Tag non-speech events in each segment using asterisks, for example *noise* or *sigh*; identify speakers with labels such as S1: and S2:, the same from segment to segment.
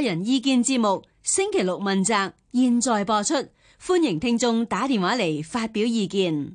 S1: 個人意見節目星期六問責，現在播出，歡迎聽眾打電話嚟發表意見。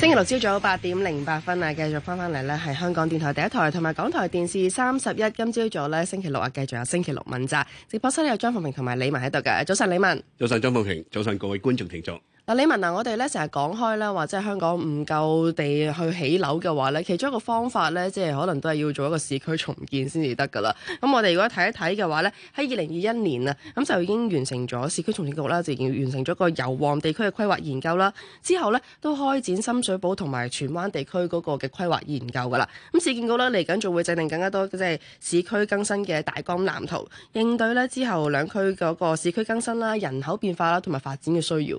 S1: 星期六朝早八點零八分啊，繼續翻翻嚟咧，係香港電台第一台同埋港台電視三十一。今朝早咧，星期六啊，繼續有星期六問責。直播室有張鳳平同埋李文喺度嘅，早晨李文，
S2: 早晨張鳳平，早晨各位觀眾聽眾。
S1: 李文娜，我哋咧成日講開咧，或者香港唔夠地去起樓嘅話咧，其中一個方法咧，即係可能都係要做一個市區重建先至得噶啦。咁我哋如果睇一睇嘅話咧，喺二零二一年啊，咁就已經完成咗市區重建局啦，就已經完成咗個油旺地區嘅規劃研究啦。之後咧都開展深水埗同埋荃灣地區嗰個嘅規劃研究噶啦。咁市建局咧嚟緊仲會制定更加多即係市區更新嘅大綱藍圖，應對咧之後兩區嗰個市區更新啦、人口變化啦同埋發展嘅需要。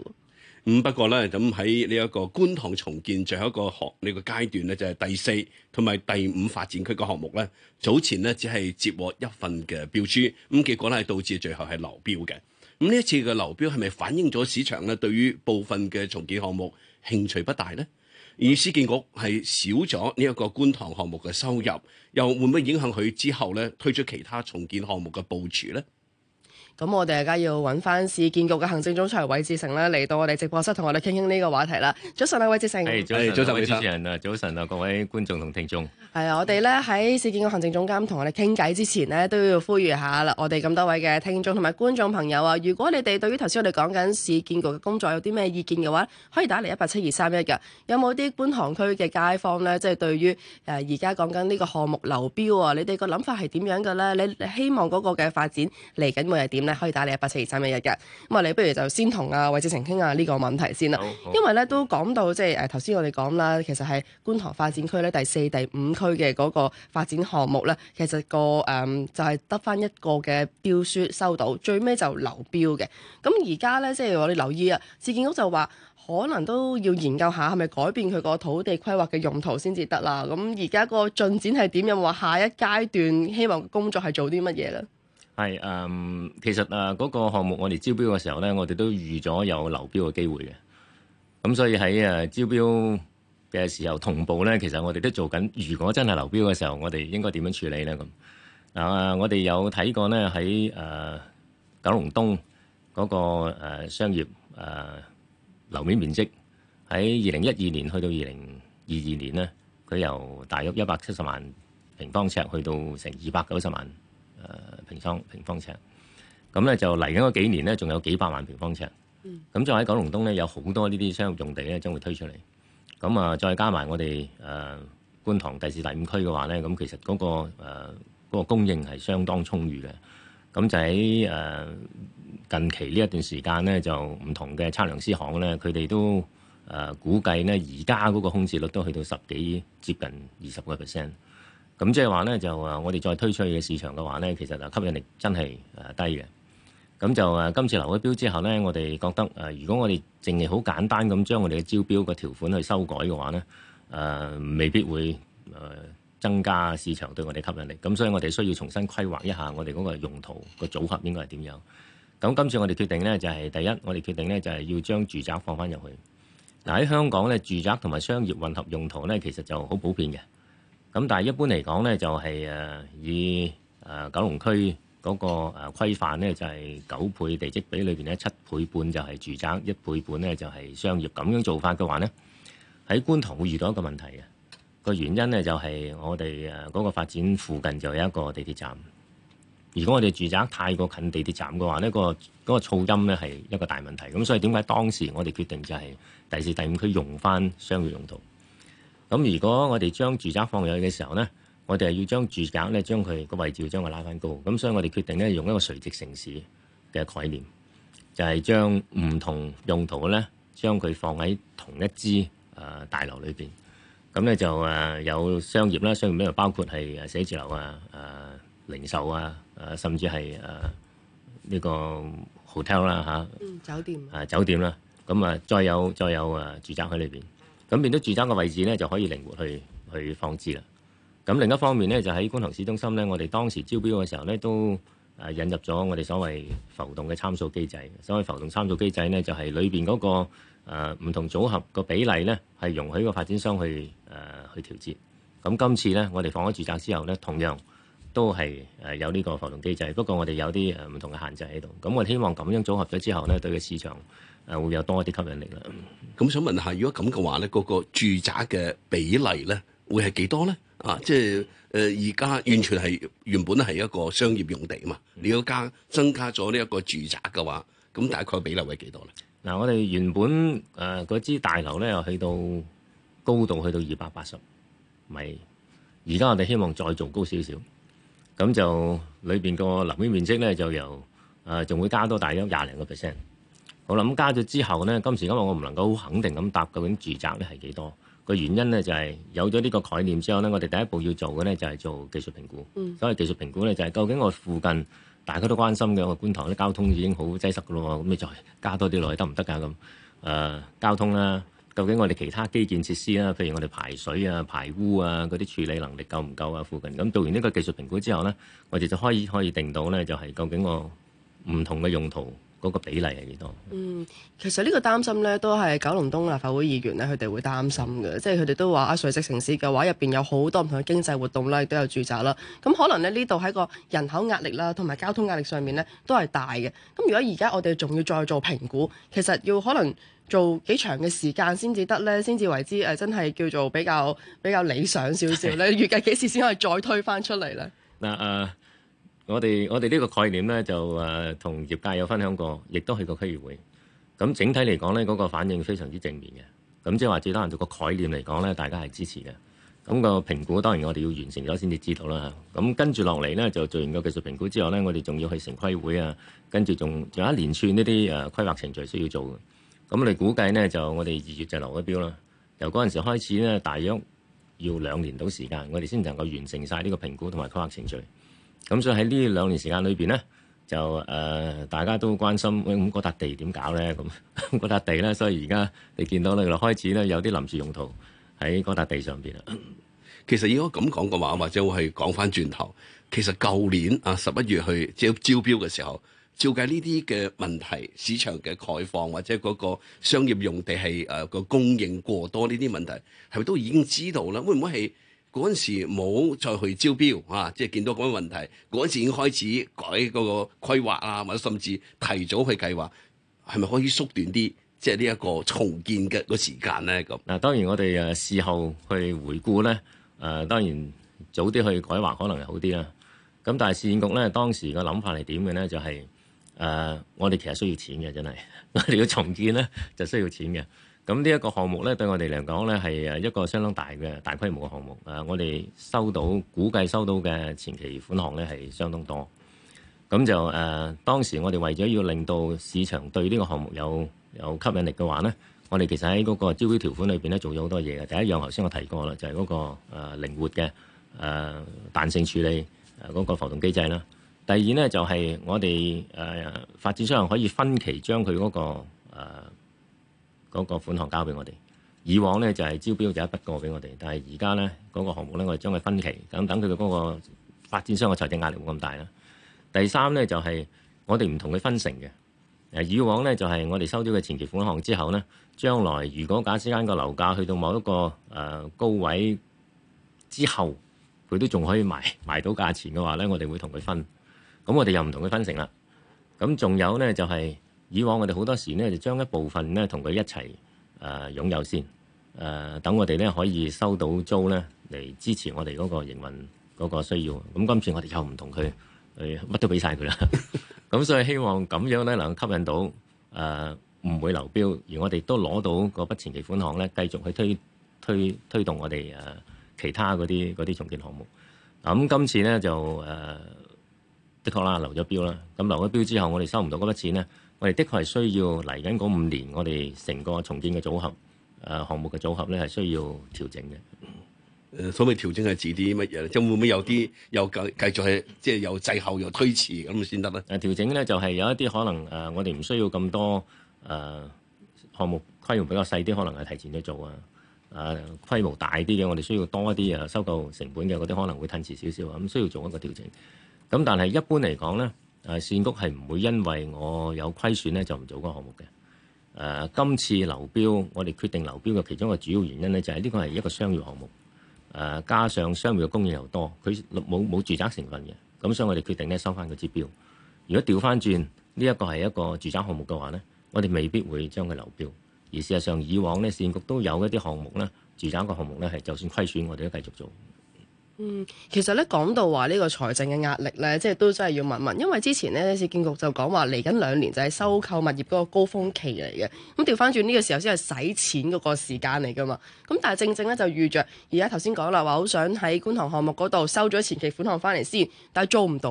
S2: 咁不過咧，咁喺呢一個觀塘重建最後一個學呢個階段咧，就係第四同埋第五發展區嘅項目咧，早前咧只係接獲一份嘅標書，咁結果咧導致最後係流標嘅。咁呢一次嘅流標係咪反映咗市場咧對於部分嘅重建項目興趣不大咧？而市建局係少咗呢一個觀塘項目嘅收入，又會唔會影響佢之後咧推出其他重建項目嘅部署咧？
S1: 咁我哋而家要揾翻市建局嘅行政總裁韋志成啦，嚟到我哋直播室同我哋傾傾呢個話題啦。早晨啊，韋志成，hey, 早
S3: 晨，hey, 早晨主持人啊，早晨啊，各位觀眾同聽眾。
S1: 係啊，我哋咧喺市建局行政總監同我哋傾偈之前呢，都要呼籲下啦，我哋咁多位嘅聽眾同埋觀眾朋友啊，如果你哋對於頭先我哋講緊市建局嘅工作有啲咩意見嘅話，可以打嚟一八七二三一嘅。有冇啲觀塘區嘅街坊呢？即係對於誒而家講緊呢個項目流標啊，你哋個諗法係點樣嘅咧？你希望嗰個嘅發展嚟緊會係點呢？可以打你一百四二三日一嘅，咁啊，你不如就先同啊韋志成傾下呢個問題先啦，哦、因為咧都講到即係誒，頭先我哋講啦，其實係觀塘發展區咧第四、第五區嘅嗰個發展項目咧，其實個誒、嗯、就係得翻一個嘅標書收到，最尾就流標嘅。咁而家咧即係我哋留意啊，市建局就話可能都要研究下係咪改變佢個土地規劃嘅用途先至得啦。咁而家個進展係點樣？有冇話下一階段希望工作係做啲乜嘢咧？
S3: 係，嗯，其實啊，嗰個項目我哋招標嘅時候咧，我哋都預咗有流標嘅機會嘅。咁所以喺啊招標嘅時候同步咧，其實我哋都做緊，如果真係流標嘅時候，我哋應該點樣處理咧？咁啊，我哋有睇過咧，喺誒九龍東嗰個誒商業誒樓面面積，喺二零一二年去到二零二二年咧，佢由大約一百七十萬平方尺去到成二百九十萬。誒、呃、平方平方尺，咁咧就嚟緊嗰幾年咧，仲有幾百萬平方尺。咁就喺九龍東咧，有好多呢啲商業用地咧，將會推出嚟。咁啊，再加埋我哋誒、呃、觀塘第四、第五區嘅話咧，咁其實嗰、嗰個誒、呃嗰個、供應係相當充裕嘅。咁就喺誒、呃、近期呢一段時間咧，就唔同嘅測量師行咧，佢哋都誒、呃、估計咧，而家嗰個空置率都去到十幾，接近二十個 percent。咁即係話咧，就話我哋再推出去嘅市場嘅話咧，其實啊吸引力真係誒、呃、低嘅。咁就誒、呃、今次留咗標之後咧，我哋覺得誒、呃，如果我哋淨係好簡單咁將我哋嘅招標個條款去修改嘅話咧，誒、呃、未必會誒、呃、增加市場對我哋吸引力。咁所以我哋需要重新規劃一下我哋嗰個用途個組合應該係點樣。咁今次我哋決定咧，就係、是、第一，我哋決定咧就係、是、要將住宅放翻入去。嗱，喺香港咧，住宅同埋商業混合用途咧，其實就好普遍嘅。咁但係一般嚟講咧，就係誒以誒九龍區嗰個誒規範咧，就係九倍地積比裏邊咧，七倍半就係住宅，一倍半咧就係商業。咁樣做法嘅話咧，喺觀塘會遇到一個問題嘅。個原因咧就係我哋誒嗰個發展附近就有一個地鐵站。如果我哋住宅太過近地鐵站嘅話，呢個嗰個噪音咧係一個大問題。咁所以點解當時我哋決定就係第四、第五區用翻商業用途。咁如果我哋將住宅放入去嘅時候咧，我哋係要將住宅咧將佢個位置要將佢拉翻高。咁所以我哋決定咧用一個垂直城市嘅概念，就係將唔同用途咧將佢放喺同一支誒大樓裏邊。咁咧就誒、啊、有商業啦，商業咧又包括係誒寫字樓啊、誒零售啊、誒甚至係誒呢個 hotel 啦、啊、嚇、嗯，
S1: 酒店啊，啊酒
S3: 店啦、啊。咁啊，再有再有誒住宅喺裏邊。咁變咗住宅嘅位置咧，就可以靈活去去放置啦。咁另一方面咧，就喺觀塘市中心咧，我哋當時招標嘅時候咧，都誒引入咗我哋所謂浮動嘅參數機制。所謂浮動參數機制咧，就係裏邊嗰個誒唔同組合個比例咧，係容許個發展商去誒去調節。咁今次咧，我哋放咗住宅之後咧，同樣都係誒有呢個浮動機制，不過我哋有啲誒唔同嘅限制喺度。咁我希望咁樣組合咗之後咧，對個市場，誒會有多一啲吸引
S2: 力啦。咁想問下，如果咁嘅話咧，嗰個住宅嘅比例咧，會係幾多咧？啊，即係誒而家完全係原本係一個商業用地啊嘛。你要加增加咗呢一個住宅嘅話，咁大概比例係幾多咧？嗱、
S3: 嗯啊，我哋原本誒嗰、呃、支大樓咧，又去到高度去到二百八十米，而家我哋希望再做高少少，咁就裏邊個樓面面積咧就由誒仲會加多大約廿零個 percent。好啦咁加咗之後咧，今時今日我唔能夠好肯定咁答究竟住宅咧係幾多個原因咧，就係有咗呢個概念之後咧，我哋第一步要做嘅咧就係做技術評估。嗯、所以技術評估咧就係究竟我附近大家都關心嘅我觀塘啲交通已經好擠塞㗎咯，咁咪再加多啲落去得唔得㗎咁？誒、呃、交通啦，究竟我哋其他基建設施啦，譬如我哋排水啊、排污啊嗰啲處理能力夠唔夠啊？附近咁做完呢個技術評估之後咧，我哋就可以可以定到咧就係究竟我唔同嘅用途。嗰個比例係幾多？嗯，
S1: 其實呢個擔心咧，都係九龍東立法會議員咧，佢哋會擔心嘅，即係佢哋都話啊，垂直城市嘅話，入邊有好多唔同嘅經濟活動啦，亦都有住宅啦，咁、嗯、可能咧呢度喺個人口壓力啦，同埋交通壓力上面咧，都係大嘅。咁、嗯、如果而家我哋仲要再做評估，其實要可能做幾長嘅時間先至得咧，先至為之誒、呃，真係叫做比較比較理想少少咧。 *laughs* 預計幾時先可以再推返出嚟咧？
S3: 嗱誒。Uh 我哋我哋呢個概念呢，就誒同、呃、業界有分享過，亦都去過區議會。咁整體嚟講呢，嗰、那個反應非常之正面嘅。咁即係話，最多人個概念嚟講呢，大家係支持嘅。咁、那個評估當然我哋要完成咗先至知道啦。咁跟住落嚟呢，就做完個技術評估之後呢，我哋仲要去城規會啊，跟住仲仲有一連串呢啲誒規劃程序需要做。咁我哋估計呢，就我哋二月就留一標啦。由嗰陣時候開始呢，大約要兩年到時間，我哋先能夠完成晒呢個評估同埋規劃程序。咁所以喺呢兩年時間裏邊咧，就誒、呃、大家都關心，喂咁嗰笪地點搞咧？咁嗰笪地咧，所以而
S2: 家你見到咧，原來開始咧有啲臨時用途喺嗰笪地上邊啊。其實如果咁講嘅話，或者我係講翻轉頭，其實舊年啊十一月去即招、招標嘅時候，照計呢啲嘅問題、市場嘅概況或者嗰個商業用地係誒個供應過多呢啲問題，係咪都已經知道啦？會唔會係？嗰陣時冇再去招標啊，即係見到嗰個問題，嗰陣時已經開始改嗰個規劃啊，或者甚至提早去計劃，係咪可以縮短啲即係呢一個重建嘅個時間咧？咁嗱、啊，當然我哋誒、啊、事後去回顧咧，誒、啊、
S3: 當然早啲去改劃可能好啲啦。咁、啊、但係市務局咧當時嘅諗法係點嘅咧？就係、是、誒、啊、我哋其實需要錢嘅，真係我哋要重建咧就需要錢嘅。咁呢一個項目咧，對我哋嚟講咧係誒一個相當大嘅大規模嘅項目。誒、啊，我哋收到估計收到嘅前期款項咧係相當多。咁就誒、啊，當時我哋為咗要令到市場對呢個項目有有吸引力嘅話咧，我哋其實喺嗰個招標條款裏邊咧做咗好多嘢嘅。第一樣頭先我提過啦，就係、是、嗰、那個誒、呃、靈活嘅誒、呃、彈性處理嗰、呃那個浮動機制啦。第二咧就係、是、我哋誒、呃、發展商可以分期將佢嗰、那個、呃嗰個款項交俾我哋，以往呢就係、是、招標就一筆過俾我哋，但係而家呢，嗰、那個項目呢，我哋將佢分期，等等佢嘅嗰個發展商嘅財政壓力冇咁大啦。第三呢，就係、是、我哋唔同佢分成嘅，以往呢，就係、是、我哋收咗佢前期款項之後呢，將來如果假之間假使間個樓價去到某一個誒、呃、高位之後，佢都仲可以賣賣到價錢嘅話呢，我哋會同佢分，咁我哋又唔同佢分成啦。咁仲有呢，就係、是。以往我哋好多時咧就將一部分咧同佢一齊誒、呃、擁有先，誒、呃、等我哋咧可以收到租咧嚟支持我哋嗰個營運嗰個需要。咁今次我哋又唔同佢，誒、呃、乜都俾晒佢啦。咁 *laughs* 所以希望咁樣咧能夠吸引到誒唔、呃、會流標，而我哋都攞到嗰筆前期款項咧，繼續去推推推動我哋誒、呃、其他嗰啲嗰啲重建項目。咁今次咧就誒、呃、的確啦，流咗標啦。咁流咗標之後，我哋收唔到嗰筆錢咧。我哋的確係需要嚟緊嗰五年，我哋成個
S2: 重建嘅組合，誒項目嘅組合咧係需要調整嘅。誒，所謂調整係指啲乜嘢咧？即係會唔會有啲又繼繼續係即係又滯後又推遲咁先得咧？誒，調整咧就係有一啲可能誒，我哋唔需要咁多誒項目
S3: 規模比較細啲，可能係提前去做啊。誒規模大啲嘅，我哋需要多一啲誒收購成本嘅嗰啲，可能會褪遲少少咁，需要做一個調整。咁但係一般嚟講咧。誒，市、啊、建局係唔會因為我有虧損咧就唔做嗰個項目嘅。誒、啊，今次流標，我哋決定流標嘅其中一個主要原因咧，就係、是、呢個係一個商業項目，誒、啊、加上商業嘅供應又多，佢冇冇住宅成分嘅，咁所以我哋決定咧收翻個指標。如果調翻轉呢一個係一個住宅項目嘅話咧，我哋未必會將佢流標。而事實上，以往咧市建局都有一啲項目咧，住宅嘅項目咧係就算虧損，我哋都繼續做。
S1: 嗯，其實咧講到話呢個財政嘅壓力咧，即係都真係要問一問，因為之前呢，市建局就講話嚟緊兩年就係收購物業嗰個高峰期嚟嘅，咁調翻轉呢個時候先係使錢嗰個時間嚟噶嘛，咁但係正正咧就遇着而家頭先講啦，話好想喺觀塘項目嗰度收咗前期款項翻嚟先，但係做唔到。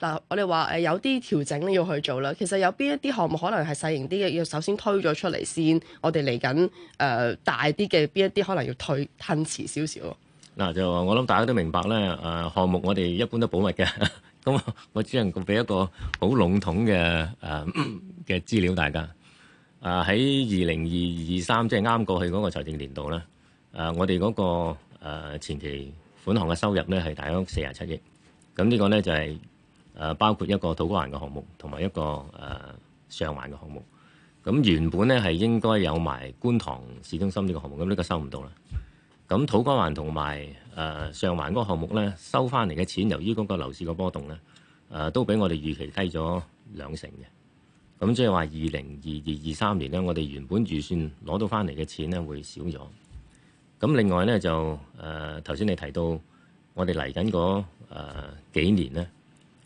S1: 嗱，我哋話誒有啲調整咧要去做啦，其實有邊一啲項目可能係細型啲嘅，要首先推咗出嚟先，我哋嚟緊誒大啲嘅邊一啲可能要推褪遲少少。
S3: 嗱、啊，就我諗大家都明白咧，誒、啊、項目我哋一般都保密嘅，咁我只能夠俾一個好籠統嘅誒嘅資料大家。誒喺二零二二三，即係啱過去嗰個財政年度咧，誒、啊、我哋嗰、那個、啊、前期款項嘅收入咧係大約四十七億。咁呢個咧就係、是、誒、啊、包括一個土瓜灣嘅項目，同埋一個誒、啊、上環嘅項目。咁原本咧係應該有埋觀塘市中心呢個項目，咁呢個收唔到啦。咁土瓜灣同埋誒上環嗰個項目咧，收翻嚟嘅錢，由於嗰個樓市個波動咧，誒、呃、都比我哋預期低咗兩成嘅。咁即係話二零二二二三年咧，我哋原本預算攞到翻嚟嘅錢咧會少咗。咁另外咧就誒頭先你提到我的、呃，我哋嚟緊嗰誒幾年咧，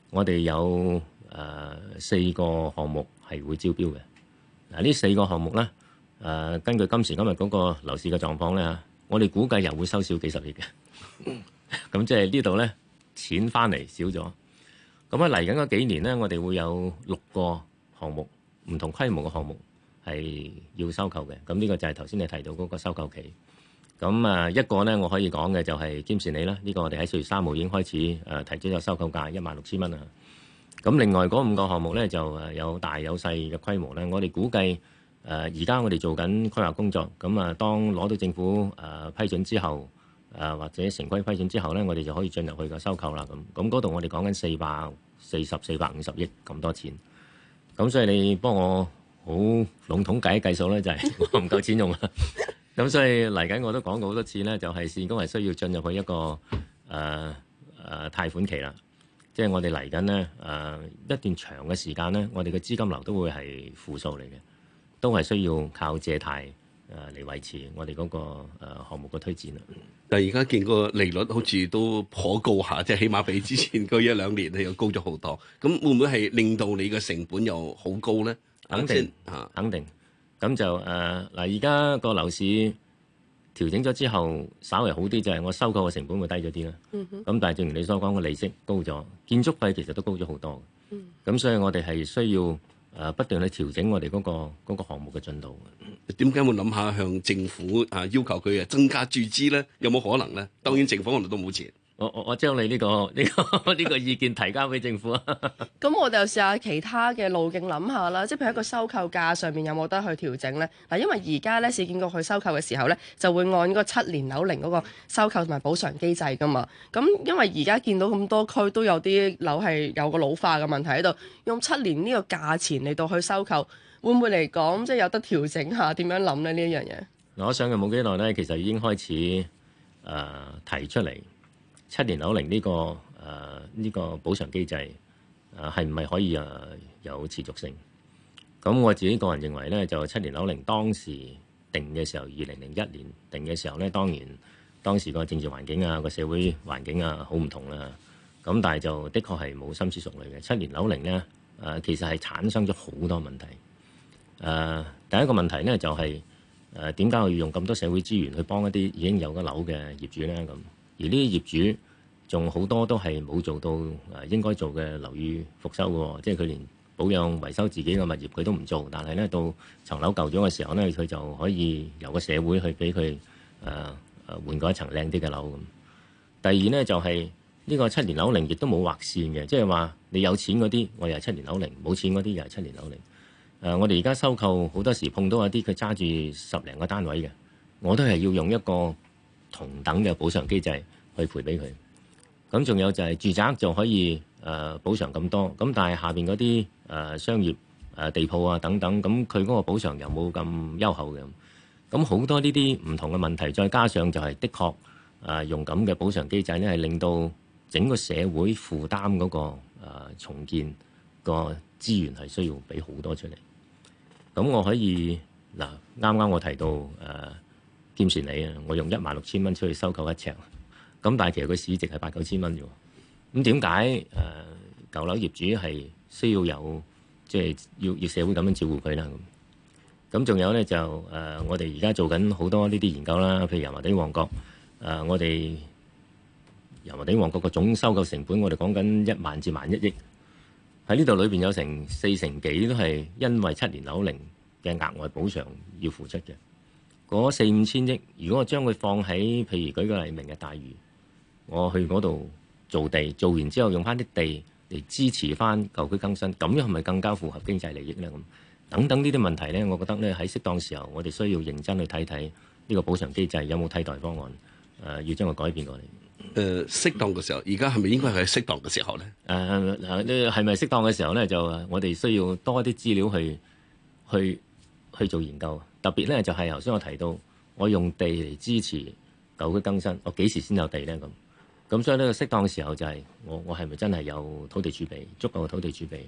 S3: 我哋有誒四個項目係會招標嘅。嗱、呃、呢四個項目咧，誒、呃、根據今時今日嗰個樓市嘅狀況咧吓。我哋估計又會收少幾十億嘅，咁即係呢度咧錢翻嚟少咗。咁嚟緊嗰幾年咧，我哋會有六個項目唔同規模嘅項目係要收購嘅。咁呢個就係頭先你提到嗰個收購期。咁啊一個咧，我可以講嘅就係兼善里啦。呢個我哋喺四月三號已經開始、呃、提出咗收購價一萬六千蚊啊。咁另外嗰五個項目咧就有大有細嘅規模咧，我哋估計。誒而家我哋做緊規劃工作，咁啊，當攞到政府誒、呃、批准之後，誒、呃、或者城規批准之後咧，我哋就可以進入去個收購啦。咁咁嗰度我哋講緊四百四十四百五十億咁多錢，咁所以你幫我好籠統計一計數咧，就係、是、我唔夠錢用啦。咁 *laughs* *laughs* 所以嚟緊我都講過好多次咧，就係、是、現工係需要進入去一個誒誒、呃呃、貸款期啦。即、就、係、是、我哋嚟緊咧誒一段長嘅時間咧，我哋嘅資金流都會係負數嚟嘅。都係需要靠借貸誒嚟維持我哋嗰、那個誒、呃、項目嘅推展啦。
S2: 但係而家見個利率好似都頗高下，即係 *laughs* 起碼比之前嗰一兩年又高咗好多。咁會唔會係令到你嘅成本又好高咧？肯定嚇，肯定。咁、啊、就誒
S3: 嗱，而家個樓市調整咗之後，稍微好啲，就係、是、我收購嘅成本會低咗啲啦。咁、嗯、哼但係正如你所講，個利息高咗，建築費其實都高咗好多。嗯。咁所以我哋係需要。誒、啊、不斷去調整我哋嗰、嗰個、嗰個項目嘅進
S2: 度。點解會諗下向政府啊，要求佢增加注資呢？有冇有可能呢？當然政府我都冇錢我我我將你呢、這個呢、這個呢、這個意見提交俾政府
S1: 啊！咁 *laughs* 我哋又試下其他嘅路徑諗下啦，即係譬如一個收購價上面有冇得去調整呢？嗱，因為而家呢，市建局去收購嘅時候呢，就會按嗰個七年樓齡嗰個收購同埋補償機制噶嘛。咁因為而家見到咁多區都有啲樓係有個老化嘅問題喺度，用七年呢個價錢嚟到去收購，會唔會嚟講即係有得調整下？點樣諗呢？呢一樣嘢？
S3: 我想佢冇幾耐呢，其實已經開始誒、呃、提出嚟。七年樓齡呢、這個誒呢、呃這個補償機制誒係唔係可以誒、呃、有持續性？咁我自己個人認為咧，就七年樓齡當時定嘅時候，二零零一年定嘅時候咧，當然當時個政治環境啊、個社會環境啊，好唔同啦、啊。咁但係就的確係冇深思熟慮嘅七年樓齡咧誒，其實係產生咗好多問題。誒、呃，第一個問題咧就係誒點解我要用咁多社會資源去幫一啲已經有咗樓嘅業主咧咁？而呢啲業主仲好多都係冇做到誒應該做嘅樓宇復修嘅，即係佢連保養維修自己嘅物業佢都唔做但是呢。但係咧到層樓舊咗嘅時候咧，佢就可以由個社會去俾佢誒誒換過一層靚啲嘅樓咁。第二咧就係、是、呢個七年樓齡亦都冇劃線嘅，即係話你有錢嗰啲，我係七年樓齡；冇錢嗰啲又係七年樓齡。誒、呃，我哋而家收購好多時碰到一啲佢揸住十零個單位嘅，我都係要用一個同等嘅補償機制去賠俾佢，咁仲有就係住宅仲可以誒、呃、補償咁多，咁但係下邊嗰啲誒商業誒、呃、地鋪啊等等，咁佢嗰個補償又冇咁優厚嘅，咁好多呢啲唔同嘅問題，再加上就係的確誒、呃、用咁嘅補償機制咧，係令到整個社會負擔嗰、嗰個、呃、重建個資源係需要俾好多出嚟，咁我可以嗱啱啱我提到誒。呃兼船你啊！我用一萬六千蚊出去收購一尺，咁但係其實個市值係八九千蚊啫喎。咁點解誒舊樓業主係需要有即係要要社會咁樣照顧佢啦？咁，咁仲有咧就誒，我哋而家做緊好多呢啲研究啦，譬如油麻地旺角誒，我哋油麻地旺角個總收購成本，我哋講緊一萬至萬一億，喺呢度裏邊有成四成幾都係因為七年樓齡嘅額外補償要付出嘅。嗰四五千億，如果我將佢放喺，譬如舉個例明日大嶼，我去嗰度做地，做完之後用翻啲地嚟支持翻舊區更新，咁樣係咪更加符合經濟利益呢？咁等等呢啲問題呢，我覺得呢，喺適當時候，我哋需要認真去睇睇呢個補償機制有冇替代方案，誒、呃、要將佢改變過嚟。誒、呃、
S2: 適當嘅時候，而家係咪應該係適當嘅時候呢？誒係咪適當嘅時候呢？
S3: 就我哋需要多啲資料去去去做研究。特別咧就係頭先我提到，我用地嚟支持舊區更新，我幾時先有地咧咁？咁所以呢個適當嘅時候就係、是、我我係咪真係有土地儲備足夠嘅土地儲備？誒、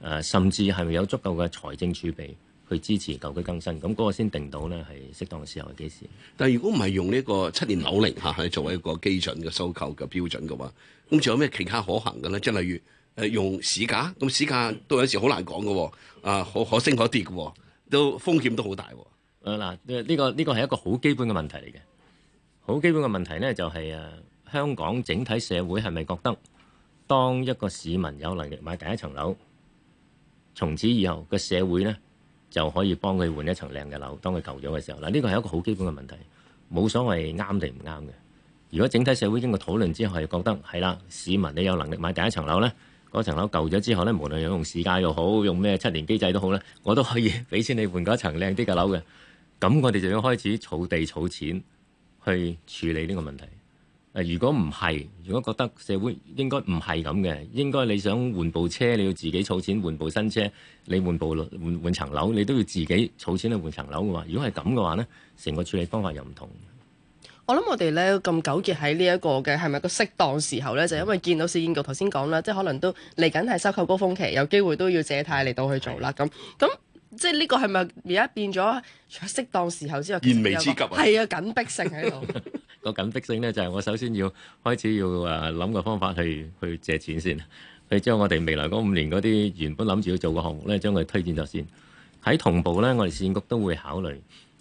S3: 呃，甚至係咪有足夠嘅財政儲備去支持舊區更新？咁、那、嗰個先定到咧
S2: 係適當嘅時候係幾時？但係如果唔係用呢個七年樓齡嚇去作為一個基準嘅收購嘅標準嘅話，咁仲有咩其他可行嘅咧？即係例如、呃、用市價，咁市價都有時好難講嘅喎，啊，可可升可跌嘅喎、啊，都風險都好大喎、啊。嗱，
S3: 呢個呢個係一個好基本嘅問題嚟嘅。好基本嘅問題呢，就係誒香港整體社會係咪覺得，當一個市民有能力買第一層樓，從此以後個社會呢，就可以幫佢換一層靚嘅樓，當佢舊咗嘅時候。嗱，呢個係一個好基本嘅問題，冇所謂啱定唔啱嘅。如果整體社會經過討論之後，係覺得係啦，市民你有能力買第一層樓呢，嗰層樓舊咗之後咧，無論用市價又好，用咩七年機制都好呢，我都可以俾錢你換嗰一層靚啲嘅樓嘅。咁我哋就要開始儲地儲錢去處理呢個問題。誒，如果唔係，如果覺得社會應該唔係咁嘅，應該你想換部車，你要自己儲錢換部新車；你換部換換層樓，你都要自己儲錢去換層樓嘅話，如果係咁嘅話呢，成個處理方法又唔同。
S1: 我諗我哋呢咁糾結喺呢一個嘅係咪個適當時候呢？就因為見到市建局頭先講啦，即係可能都嚟緊係收購高峰期，有機會都要借貸嚟到去做啦。咁咁的。即係呢個係咪而家變咗？除適當的時候之外，燃眉之急啊，係啊，緊迫性喺
S3: 度。個緊迫性咧就係、是、我首先要開始要誒諗、啊、個方法去去借錢先，去將我哋未來嗰五年嗰啲原本諗住要做嘅項目咧，將佢推薦咗先。喺同步咧，我哋市建局都會考慮，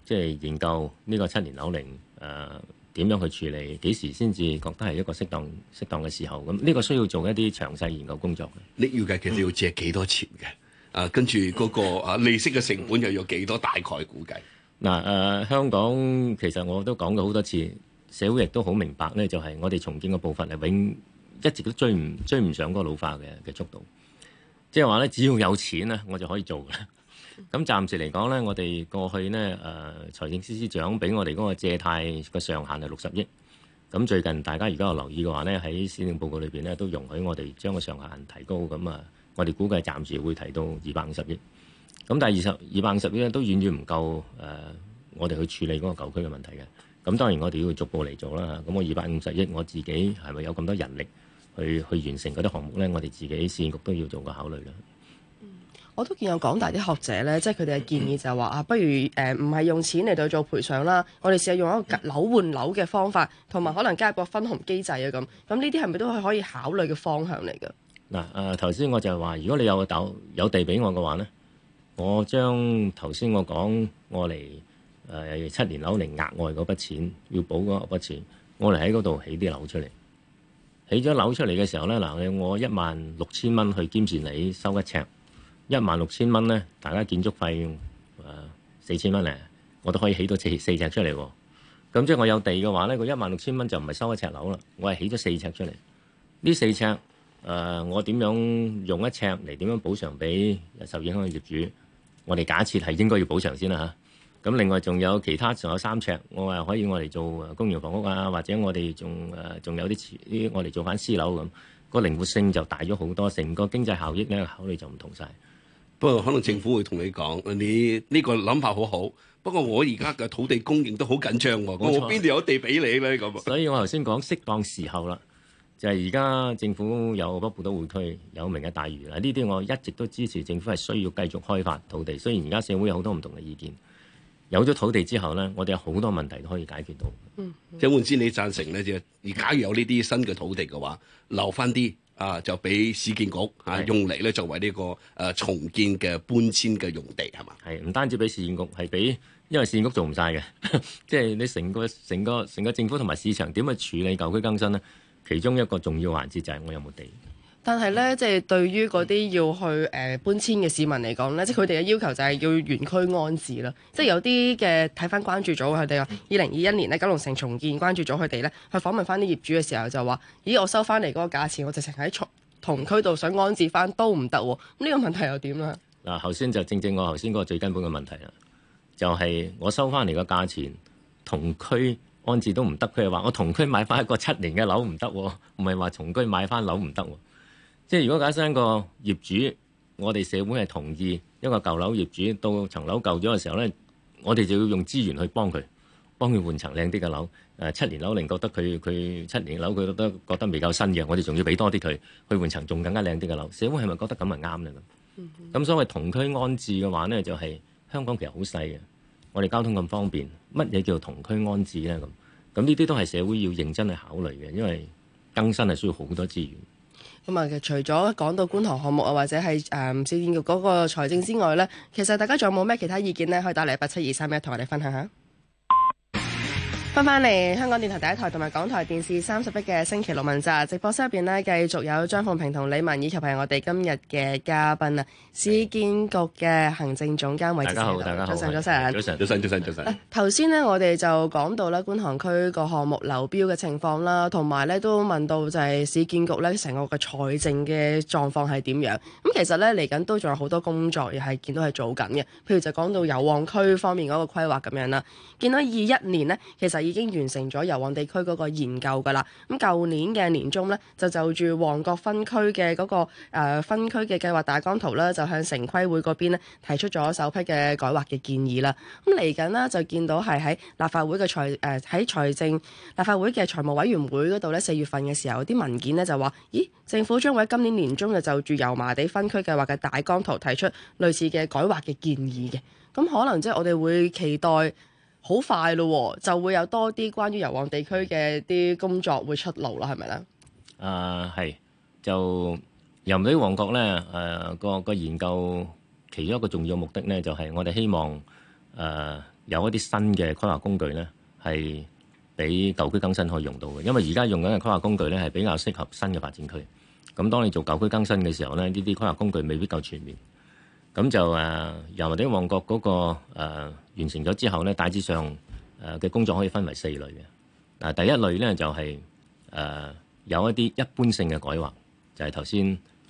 S3: 即、就、係、是、研究呢個七年樓齡誒點、呃、樣去處理，幾時先至覺得係一個
S2: 適當適當嘅時候咁。呢個需要做一啲詳細研究工作嘅。你預計其實要借幾多錢嘅？嗯啊，跟住嗰個啊利息嘅成本又有幾多？大概估計嗱，
S3: 誒、呃、香港其實我都講過好多次，社會亦都好明白呢就係、是、我哋重建嘅步伐係永一直都追唔追唔上嗰個老化嘅嘅速度。即係話呢，只要有錢呢，我就可以做啦。咁 *laughs* 暫時嚟講呢，我哋過去呢，誒、呃、財政司司長俾我哋嗰個借貸個上限係六十億。咁最近大家如果有留意嘅話呢，喺施政報告裏邊呢，都容許我哋將個上限提高咁啊。我哋估計暫時會提到二百五十億，咁但係二十二百五十億咧都遠遠唔夠誒，我哋去處理嗰個舊區嘅問題嘅。咁當然我哋要逐步嚟做啦。咁我二百五十億我自己係咪有咁多人力去去完成嗰啲項目呢？我哋自己市建局都要做個考慮啦、嗯。
S1: 我都見有港大啲學者呢，嗯、即係佢哋嘅建議就係話啊，不如誒唔係用錢嚟到做賠償啦，我哋試下用一個樓換樓嘅方法，同埋可能加入一個分紅機制啊咁。咁呢啲係咪都係可以考慮嘅方向嚟㗎？
S3: 嗱誒，頭先、呃、我就係話，如果你有個豆有地俾我嘅話咧，我將頭先我講我嚟誒、呃、七年樓齡額外嗰筆錢，要補嗰筆錢，我嚟喺嗰度起啲樓出嚟。起咗樓出嚟嘅時候咧，嗱我一萬六千蚊去兼善里你收一尺，一萬六千蚊咧，大家建築費用誒、呃、四千蚊咧，我都可以起到四四尺出嚟。咁即係我有地嘅話咧，個一萬六千蚊就唔係收一尺樓啦，我係起咗四尺出嚟，呢四尺。誒、呃，我點樣用一尺嚟點樣補償俾受影響嘅業主？我哋假設係應該要補償先啦嚇。咁、啊、另外仲有其他，仲有三尺，我誒可以我哋做公營房屋啊，或者我哋仲誒仲有啲錢，我哋做翻私樓咁，個
S2: 靈活性就大咗好多，
S3: 成個經濟效益咧考慮就唔同
S2: 晒。不過可能政府會同你講，你呢個諗法好好。不過我而家嘅土地供應都好緊張喎，我邊度有地俾你咧咁？所以我頭先講適當時候
S3: 啦。就係而家政府有北部都會區有明日大嶼啦，呢啲我一直都支持政府係需要繼續開發土地。雖然而家社會有好多唔同嘅意見，有咗土地之
S2: 後咧，我哋有好多問題都可以解決到。即係、嗯嗯、換之你贊成咧，就而假如有呢啲新嘅土地嘅話，留翻啲啊，就俾市建局啊用嚟咧作為呢個誒重建嘅搬遷嘅用地係嘛？係唔單止俾市建局，係俾因為市建局做唔
S3: 晒嘅，即 *laughs* 係你成個成個成個政府同埋市場點去處理舊區更新咧？其中一個重要環節就係我有冇地？
S1: 但係呢，即係對於嗰啲要去誒、呃、搬遷嘅市民嚟講呢，即係佢哋嘅要求就係要原區安置啦。即係有啲嘅睇翻關注咗佢哋話，二零二一年呢，九龍城重建關注咗佢哋呢，去訪問翻啲業主嘅時候就話：「咦，我收翻嚟嗰個價錢，我直情喺同區度想安置翻都唔得喎。呢個問題又點啦？
S3: 嗱，頭先就正正我頭先嗰個最根本嘅問題啦，就係我收翻嚟嘅價錢同區，安置都唔得，佢係話我同區買翻一個七年嘅樓唔得喎，唔係話同區買翻樓唔得喎。即係如果假設一個業主，我哋社會係同意一個舊樓業主到層樓舊咗嘅時候呢，我哋就要用資源去幫佢，幫佢換層靚啲嘅樓。誒、呃、七年樓齡覺得佢，佢七年樓佢覺得，覺得未夠新嘅，我哋仲要俾多啲佢去換層仲更加靚啲嘅樓。社會係咪覺得咁係啱咧？咁所謂同區安置嘅話呢，就係、是、香港其實好細嘅。我哋交通咁方便，乜嘢叫做同區安置咧？咁咁呢啲都係社會要認真去考慮嘅，因為更新係需要好多資源。
S1: 咁啊，其實除咗講到觀塘項目啊，或者係誒市建局嗰個財政之外咧，其實大家仲有冇咩其他意見咧？可以打嚟一八七二三一同我哋分享下。翻返嚟香港電台第一台同埋港台電視三十一嘅星期六問責直播室入邊咧，繼續有張鳳平同李文，以及係我哋今日嘅嘉賓啊，市建局嘅行政總監韋志成。大家好，大家好。早晨，早晨，
S2: 早晨，早晨，早晨，早
S1: 晨。頭先咧，我哋就講到啦觀塘區個項目流標嘅情況啦，同埋咧都問到就係市建局咧成個嘅財政嘅狀況係點樣？咁、嗯、其實咧嚟緊都仲有好多工作，係見到係做緊嘅，譬如就講到油旺區方面嗰個規劃咁樣啦，見到二一年咧，其實。已經完成咗油旺地區嗰個研究噶啦，咁舊年嘅年中咧，就就住旺角分區嘅嗰、嗰個誒、呃、分區嘅計劃大綱圖咧，就向城規會嗰邊咧提出咗首批嘅改劃嘅建議啦。咁嚟緊呢，就見到係喺立法會嘅財誒喺、呃、財政立法會嘅財務委員會嗰度咧，四月份嘅時候啲文件咧就話，咦，政府將會喺今年年中就就住油麻地分區計劃嘅大綱圖提出類似嘅改劃嘅建議嘅，咁可能即係我哋會期待。好快咯，就會有多啲關於油旺地區嘅啲工作會出爐啦，係咪咧？
S3: 誒係，就油麻地旺角咧，誒個個研究其中一個重要目的咧，就係我哋希望誒有一啲新嘅規劃工具咧，係俾舊區更新可以用到嘅。因為而家用緊嘅規劃工具咧，係比較適合新嘅發展區。咁當你做舊區更新嘅時候咧，呢啲規劃工具未必夠全面。咁就誒油麻地旺角嗰個誒。完成咗之後呢，大致上誒嘅工作可以分為四類嘅。嗱，第一類呢，就係、是、誒、呃、有一啲一般性嘅改劃，就係頭先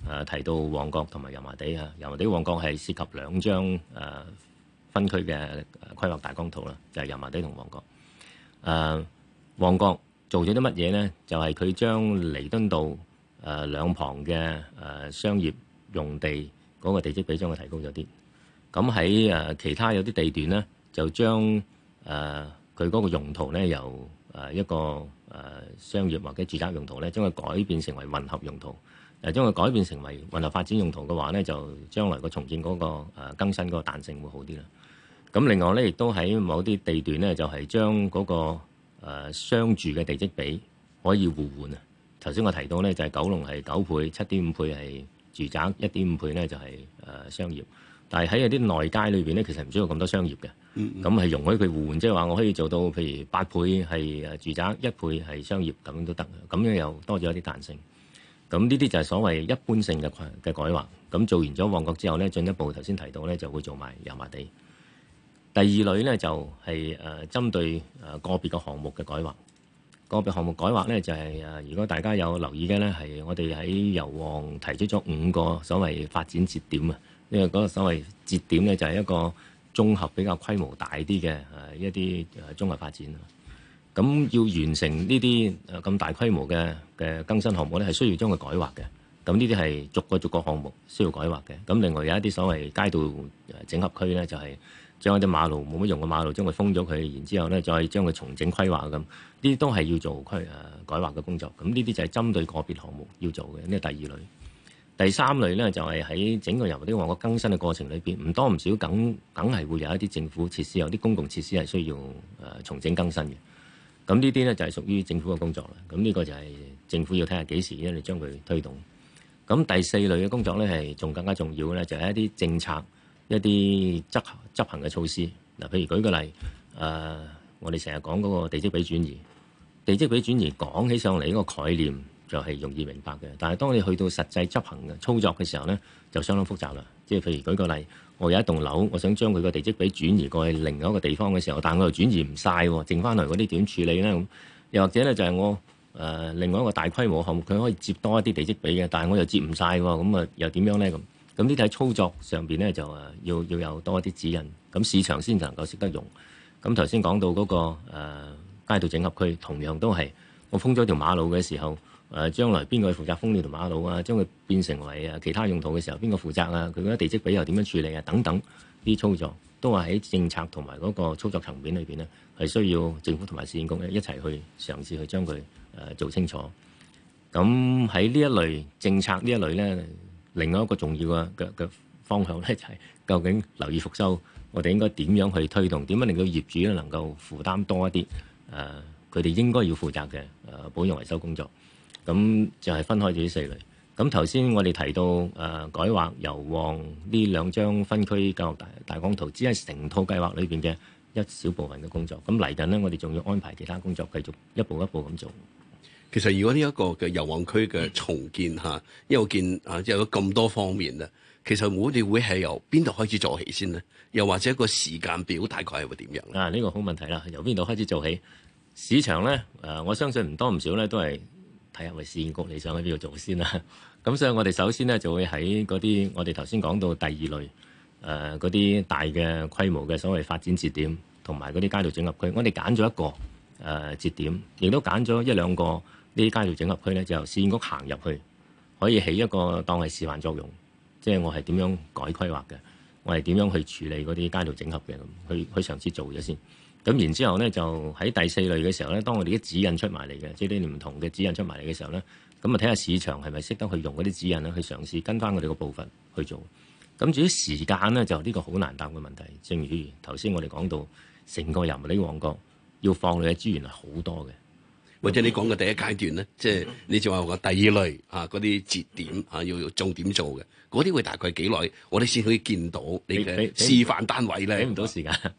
S3: 誒提到旺角同埋油麻地啊。油麻地、旺角係涉及兩張誒分區嘅規劃大綱圖啦，就係、是、油麻地同旺角。誒、呃，旺角做咗啲乜嘢呢？就係佢將彌敦道誒兩旁嘅誒商業用地嗰個地積比將佢提高咗啲。咁喺誒其他有啲地段咧，就將誒佢嗰個用途咧，由誒一個誒、呃、商業或者住宅用途咧，將佢改變成為混合用途。誒將佢改變成為混合發展用途嘅話咧，就將來個重建嗰、那個、呃、更新嗰個彈性會好啲啦。咁另外咧，亦都喺某啲地段咧，就係將嗰個、呃、商住嘅地積比可以互換啊。頭先我提到咧，就係、是、九龍係九倍，七點五倍係住宅，一點五倍咧就係、是、誒、呃、商業。但係喺有啲內街裏邊咧，其實唔需要咁多商業嘅，咁係、嗯嗯、容許佢換，即係話我可以做到，譬如八倍係誒住宅，一倍係商業咁都得，咁樣，樣又多咗一啲彈性。咁呢啲就係所謂一般性嘅嘅改劃。咁做完咗旺角之後咧，進一步頭先提到咧就會做埋油麻地。第二類咧就係誒針對誒個別嘅項目嘅改劃，個別項目改劃咧就係、是、誒，如果大家有留意嘅咧係我哋喺油旺提出咗五個所謂發展節點啊。呢個嗰個所謂節點咧，就係一個綜合比較規模大啲嘅一啲誒綜合發展。咁要完成呢啲咁大規模嘅嘅更新項目咧，係需要將佢改劃嘅。咁呢啲係逐個逐個項目需要改劃嘅。咁另外有一啲所謂街道整合區咧，就係將一啲馬路冇乜用嘅馬路將佢封咗佢，然之後咧再將佢重整規劃咁。呢啲都係要做區誒改劃嘅工作。咁呢啲就係針對個別項目要做嘅，呢個第二類。第三類咧就係、是、喺整個油旺啲房屋更新嘅過程裏邊，唔多唔少梗梗係會有一啲政府設施、有啲公共設施係需要誒、呃、重整更新嘅。咁呢啲咧就係、是、屬於政府嘅工作啦。咁呢個就係政府要睇下幾時咧你將佢推動。咁第四類嘅工作咧係仲更加重要咧，就係、是、一啲政策、一啲執執行嘅措施。嗱、呃，譬如舉個例，誒、呃，我哋成日講嗰個地積比轉移，地積比轉移講起上嚟呢個概念。就係容易明白嘅，但係當你去到實際執行嘅操作嘅時候呢，就相當複雜啦。即係譬如舉個例，我有一棟樓，我想將佢個地積比轉移過去另外一個地方嘅時候，但係我又轉移唔晒喎，剩翻嚟嗰啲點處理呢？咁又或者呢，就係我誒另外一個大規模項目，佢可以接多一啲地積比嘅，但係我又接唔晒喎，咁啊又點樣呢？咁咁呢啲喺操作上邊呢，就誒要要有多一啲指引，咁市場先能夠識得用。咁頭先講到嗰個誒街道整合區，同樣都係我封咗一條馬路嘅時候。誒、啊，將來邊個負責封力同馬路啊？將佢變成為誒其他用途嘅時候，邊個負責啊？佢嗰啲地積比又點樣處理啊？等等啲操作，都話喺政策同埋嗰個操作層面裏邊咧，係需要政府同埋市建局咧一齊去嘗試去將佢誒、啊、做清楚。咁喺呢一類政策呢一類咧，另外一個重要嘅嘅嘅方向咧，就係、是、究竟樓宇復修，我哋應該點樣去推動？點樣令到業主咧能夠負擔多一啲誒，佢、啊、哋應該要負責嘅誒、啊、保養維修工作。咁就係分開咗呢四類。咁頭先我哋提到誒、呃、改劃油旺呢兩張分區教育大大綱圖，只係成套計劃裏邊嘅一小部分嘅工作。咁嚟緊呢，我哋仲要安排其他工作繼續一步一步咁做。
S2: 其實如果呢一個嘅油旺區嘅重建嚇，嗯、因為我見啊有咁多方面啊，其實我哋會係由邊度開始做起先呢？又或者個時間表大概係會點樣？啊，呢、呢個好問
S3: 題啦！由邊度開始做起？市場咧誒、呃，我相信唔多唔少咧都係。睇下喂，看看市建局你想喺邊度做先啦、啊？咁所以我哋首先咧就會喺嗰啲我哋頭先講到第二類誒嗰啲大嘅規模嘅所謂發展節點同埋嗰啲街道整合區，我哋揀咗一個誒節、呃、點，亦都揀咗一兩個呢啲街道整合區咧，就由市建局行入去，可以起一個當係示範作用，即係我係點樣改規劃嘅，我係點樣去處理嗰啲街道整合嘅，去去嘗試做咗先。咁然之後咧，就喺第四類嘅時候咧，當我哋啲指引出埋嚟嘅，即係啲唔同嘅指引出埋嚟嘅時候咧，咁啊睇下市場係咪識得去用嗰啲指引咧，去嘗試跟翻我哋個部分去做。咁至於時間咧，就呢個好難答嘅問題。正如頭先我哋講到，成個油麻地旺角要放嘅資源係好多嘅，
S2: 或者你講嘅第一階段咧，即係 *laughs* 你仲話我第二類啊嗰啲節點啊要重點做嘅，嗰啲會大概幾耐我哋先可以見到你嘅示範單位咧？唔到時間 *laughs*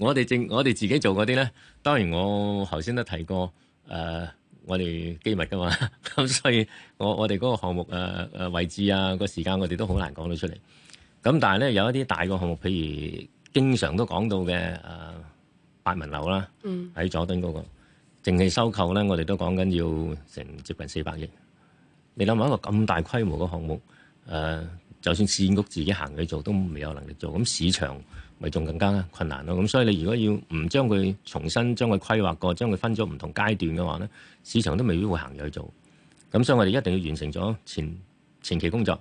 S2: 我哋正，
S3: 我哋自己做嗰啲咧，當然我頭先都提過，誒、呃，我哋機密㗎嘛，咁 *laughs* 所以我我哋嗰個項目誒誒、呃、位置啊、這個時間，我哋都好難講到出嚟。咁但係咧，有一啲大個項目，譬如經常都講到嘅誒八文樓啦，喺佐敦嗰、那個淨係、嗯、收購咧，我哋都講緊要成接近四百億。你諗下一個咁大規模嘅項目，誒、呃，就算市建局自己行去做都未有能力做，咁市場，咪仲更加困難咯，咁所以你如果要唔將佢重新將佢規劃過，將佢分咗唔同階段嘅話呢，市場都未必會行入去做。咁所以我哋一定要完成咗前，前期工作，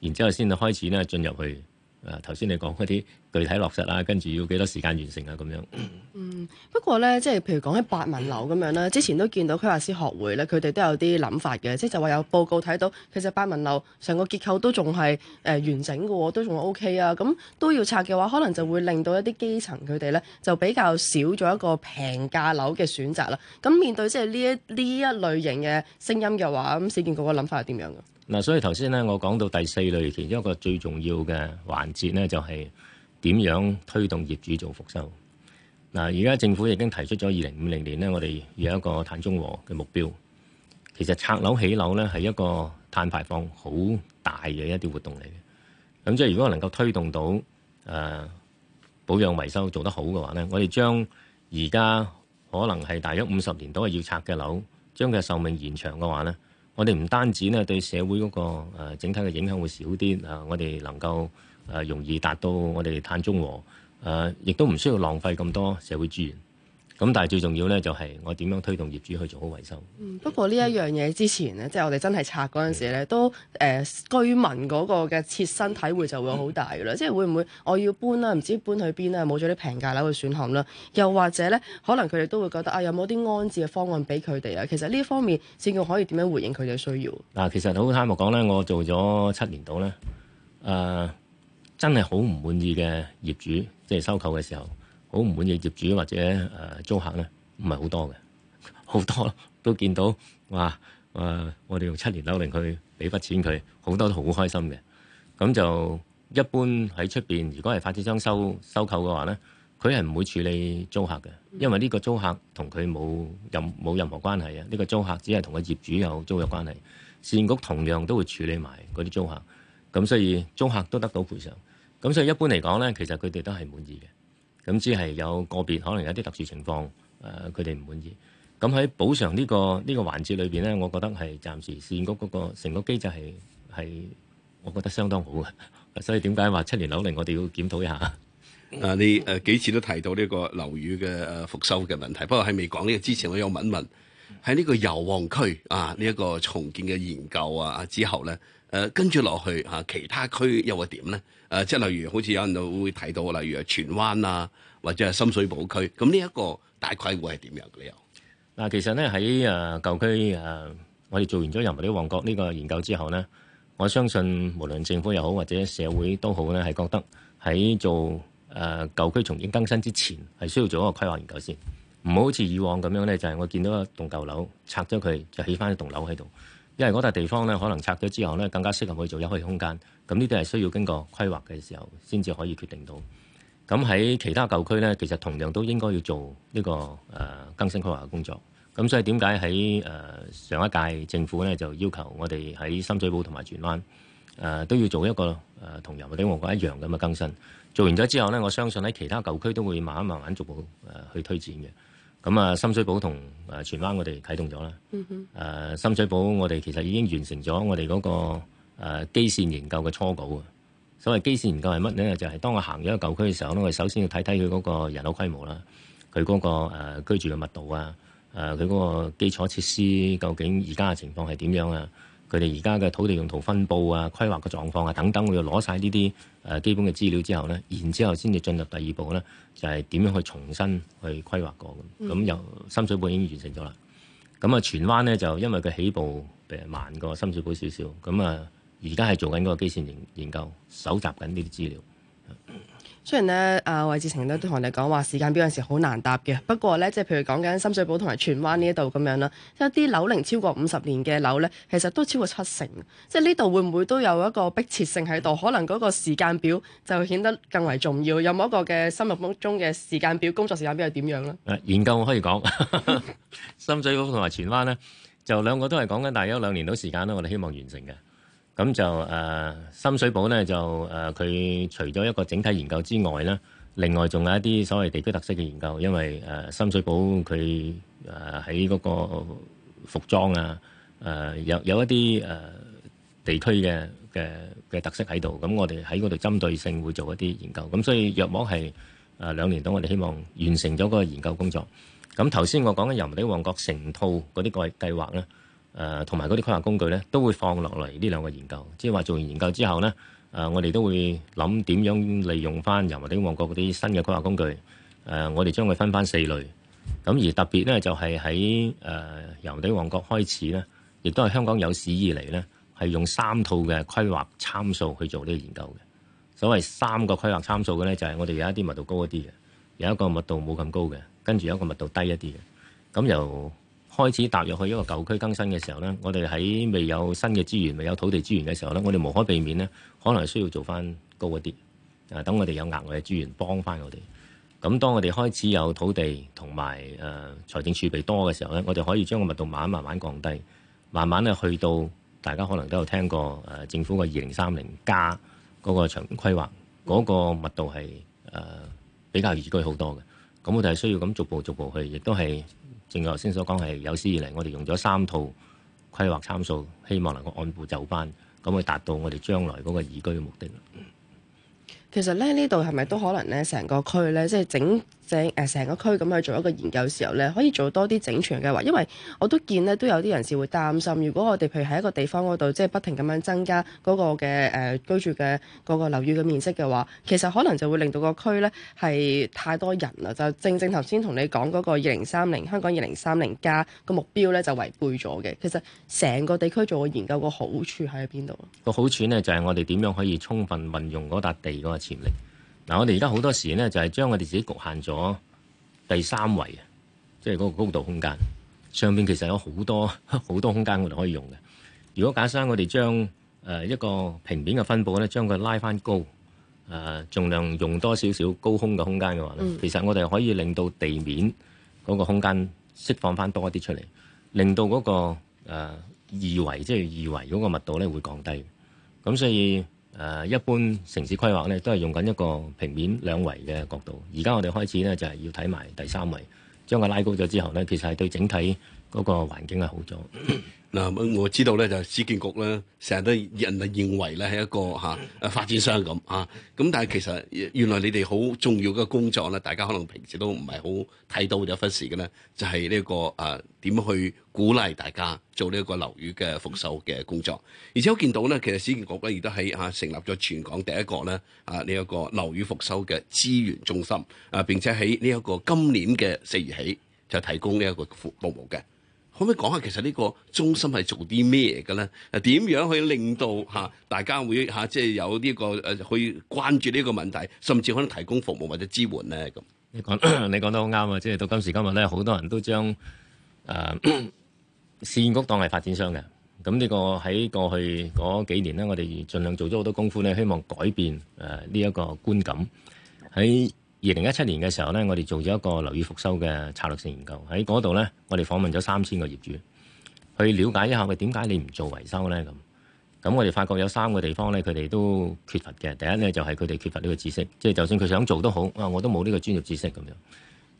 S3: 然之後先開始咧進入去。誒頭先你講嗰啲具體落實啦、啊，跟住要幾多時間完成啊，咁樣
S1: 嗯。嗯，不過呢，即係譬如講起八文樓咁樣啦，之前都見到規劃師學會呢，佢哋都有啲諗法嘅，即係就話有報告睇到，其實八文樓成個結構都仲係誒完整嘅都仲 O K 啊，咁都要拆嘅話，可能就會令到一啲基層佢哋呢，就比較少咗一個平價樓嘅選擇啦。咁面對即係呢一呢一類型嘅聲音嘅話，咁市建局嘅諗法係點樣嘅？
S3: 嗱，所以頭先咧，我講到第四類其中一個最重要嘅環節咧，就係點樣推動業主做復修。嗱，而家政府已經提出咗二零五零年咧，我哋有一個碳中和嘅目標。其實拆樓起樓咧，係一個碳排放好大嘅一啲活動嚟嘅。咁即係如果能夠推動到誒保養維修做得好嘅話咧，我哋將而家可能係大約五十年都係要拆嘅樓，將佢嘅壽命延長嘅話咧。我哋唔單止對社會嗰個整體嘅影響會少啲，誒我哋能夠容易達到我哋碳中和，誒亦都唔需要浪費咁多社會資源。咁但係最重要咧，就係我點樣推動業主去做好維修。嗯，
S1: 不過呢一樣嘢之前咧，嗯、即係我哋真係拆嗰陣時咧，嗯、都誒、呃、居民嗰個嘅切身體會就會好大㗎啦。嗯、即係會唔會我要搬啦？唔知搬去邊啦？冇咗啲平價樓嘅選項啦。又或者咧，可能佢哋都會覺得啊，有冇啲安置嘅方案俾佢哋啊？其實呢一方面，先至可以點樣回應佢哋嘅需要？
S3: 嗱，其實好坦白講咧，我做咗七年到咧，誒、呃、真係好唔滿意嘅業主，即係收購嘅時候。好唔滿意業主或者誒租客咧，唔係好多嘅，好多都見到話誒，我哋用七年樓齡去俾筆錢佢，好多都好開心嘅。咁就一般喺出邊，如果係發展商收收購嘅話咧，佢係唔會處理租客嘅，因為呢個租客同佢冇任冇任何關係啊。呢個租客只係同個業主有租約關係。市建局同樣都會處理埋嗰啲租客，咁所以租客都得到賠償。咁所以一般嚟講咧，其實佢哋都係滿意嘅。咁只係有個別可能有啲特殊情況，誒佢哋唔滿意。咁喺補償呢個呢個環節裏邊咧，我覺得係暫時市建局嗰個成個機制係係，我覺得相當好
S2: 嘅。所以點解話七年樓齡我哋要檢討一下？啊，你誒幾次都提到呢個樓宇嘅復修嘅問題，不過喺未講呢個之前，我有問一問喺呢個油旺區啊呢一個重建嘅研究啊之後咧。誒、呃、跟住落去嚇、啊，其他區又會點咧？誒、啊，即係例如好似有人都會提到，例如係荃灣啊，或者係深水埗區。咁呢一個大概會係點樣嘅理由？嗱，其實咧喺誒舊區誒、啊，
S3: 我哋做完咗任何啲旺角呢個研究之後咧，我相信無論政府又好或者社會都好咧，係覺得喺做誒、啊、舊區重建更新之前，係需要做一個規劃研究先，唔好好似以往咁樣咧，就係、是、我見到一棟舊樓拆咗佢，就起翻一棟樓喺度。因為嗰笪地方咧，可能拆咗之後咧，更加適合去做休憩空間。咁呢啲係需要經過規劃嘅時候，先至可以決定到。咁喺其他舊區咧，其實同樣都應該要做呢、呢個誒、呃、更新規劃嘅工作。咁所以點解喺誒上一屆政府咧，就要求我哋喺深水埗同埋荃灣誒、呃、都要做一個誒同油麻地旺角一樣咁嘅更新。做完咗之後咧，我相信喺其他舊區都會慢慢慢慢逐步誒去推展嘅。咁啊，深水埗同誒荃灣我哋啟動咗啦。誒、嗯哼呃，深水埗我哋其實已經完成咗我哋嗰、那個誒、呃、基線研究嘅初稿啊。所謂基線研究係乜咧？嗯、就係當我行咗一個舊區嘅時候咧，我哋首先要睇睇佢嗰個人口規模啦，佢嗰、那個、呃、居住嘅密度啊，誒佢嗰個基礎設施究竟而家嘅情況係點樣啊？佢哋而家嘅土地用途分布啊、規劃嘅狀況啊等等，我要攞晒呢啲誒基本嘅資料之後咧，然之後先至進入第二步咧，就係點樣去重新去規劃過咁。咁由深水埗已經完成咗啦，咁啊荃灣咧就因為佢起步誒慢過深水埗少少，咁啊而家係做緊嗰個基線研研究，搜集緊呢啲資料。
S1: 雖然咧，阿韋志成咧都同我哋講話時間表有時好難答嘅。不過咧，即係譬如講緊深水埗同埋荃灣呢一度咁樣啦，一啲樓齡超過五十年嘅樓咧，其實都超過七成。即係呢度會唔會都有一個迫切性喺度？可能嗰個時間表就顯得更為重要。有冇一個嘅心目當中嘅時間表、工作時間表係點樣
S3: 咧？誒，研究我可以講 *laughs* 深水埗同埋荃灣咧，就兩個都係講緊大約兩年到時間啦。我哋希望完成嘅。咁就誒深水埗咧，就誒佢除咗一個整體研究之外咧，另外仲有一啲所謂地區特色嘅研究，因為誒深水埗佢誒喺嗰個服裝啊誒有有一啲誒地區嘅嘅嘅特色喺度，咁我哋喺嗰度針對性會做一啲研究，咁所以若果係誒兩年到，我哋希望完成咗嗰個研究工作。咁頭先我講緊油麻地旺角成套嗰啲計計劃咧。誒同埋嗰啲規劃工具咧，都會放落嚟呢兩個研究，即係話做完研究之後咧，誒、呃、我哋都會諗點樣利用翻油麻地旺角嗰啲新嘅規劃工具。誒、呃、我哋將佢分翻四類，咁而特別咧就係喺誒油麻地旺角開始咧，亦都係香港有史以來咧係用三套嘅規劃參數去做呢個研究嘅。所謂三個規劃參數嘅咧，就係、是、我哋有一啲密度高一啲嘅，有一個密度冇咁高嘅，跟住有一個密度低一啲嘅，咁由開始踏入去一個舊區更新嘅時候呢，我哋喺未有新嘅資源、未有土地資源嘅時候呢，我哋無可避免呢，可能需要做翻高一啲。啊，等我哋有額外嘅資源幫翻我哋。咁當我哋開始有土地同埋誒財政儲備多嘅時候呢，我哋可以將個密度慢慢慢慢降低，慢慢咧去到大家可能都有聽過誒、呃、政府嘅二零三零加嗰個長規劃，嗰、嗰個密度係誒比較宜居好多嘅。咁我哋係需要咁逐步逐步去，亦都係。另外頭先所講係有史以嚟，我哋用咗三套規劃參數，希望能夠按部就班，咁去達到我哋將來嗰個宜居嘅目的。
S1: 其實咧，呢度係咪都可能咧，成個區咧，即係整。整誒成個區咁去做一個研究嘅時候咧，可以做多啲整全嘅話，因為我都見咧都有啲人士會擔心，如果我哋譬如喺一個地方嗰度，即係不停咁樣增加嗰個嘅誒居住嘅嗰個樓宇嘅面積嘅話，其實可能就會令到個區咧係太多人啦，就正正頭先同你講嗰個二零三零香港二零三零加個目標咧就違背咗嘅。其實成個地區做個研究個好處喺邊度？
S3: 個好處咧就係我哋點樣可以充分運用嗰笪地嗰個潛力。嗱，我哋而家好多時咧，就係將我哋自己局限咗第三維啊，即係嗰個高度空間上邊，其實有好多好多空間我哋可以用嘅。如果假設我哋將誒一個平面嘅分佈咧，將佢拉翻高，誒、呃、盡量用多少少高空嘅空間嘅話咧，嗯、其實我哋可以令到地面嗰個空間釋放翻多一啲出嚟，令到嗰、那個、呃、二維即係二維嗰個密度咧會降低，咁所以。誒、uh, 一般城市規劃咧都係用緊一個平面兩維嘅角度，而家我哋開始咧就係、是、要睇埋第三維，將佢拉高咗之後咧，其實係對整體嗰個環境係好咗。
S2: *coughs* 嗱，我我知道咧，就市建局咧成日都人哋認為咧係一個嚇誒發展商咁啊，咁但係其實原來你哋好重要嘅工作咧，大家可能平時都唔係好睇到有一忽事嘅咧，就係呢一個點樣去鼓勵大家做呢一個樓宇嘅復修嘅工作，而且我見到咧，其實市建局咧亦都喺成立咗全港第一個咧啊呢一個樓宇復修嘅資源中心啊，並且喺呢一個今年嘅四月起就提供呢一個服服務嘅。可唔可以講下其實呢個中心係做啲咩嘅咧？點樣去令到嚇大家會嚇即係有呢、這個誒去關注呢個問題，甚至可能提供服務或者支援咧？咁你講你講得好啱
S3: 啊！即、就、係、是、到今時今日咧，好多人都將誒市建、呃、 *coughs* 局當係發展商嘅。咁呢個喺過去嗰幾年咧，我哋盡量做咗好多功夫咧，希望改變誒呢一個觀感係。二零一七年嘅時候呢，我哋做咗一個樓宇復修嘅策略性研究，喺嗰度呢，我哋訪問咗三千個業主，去了解一下佢點解你唔做維修呢？咁。咁我哋發覺有三個地方呢，佢哋都缺乏嘅。第一呢，就係佢哋缺乏呢個知識，即係就算佢想做都好，啊我都冇呢個專業知識咁樣。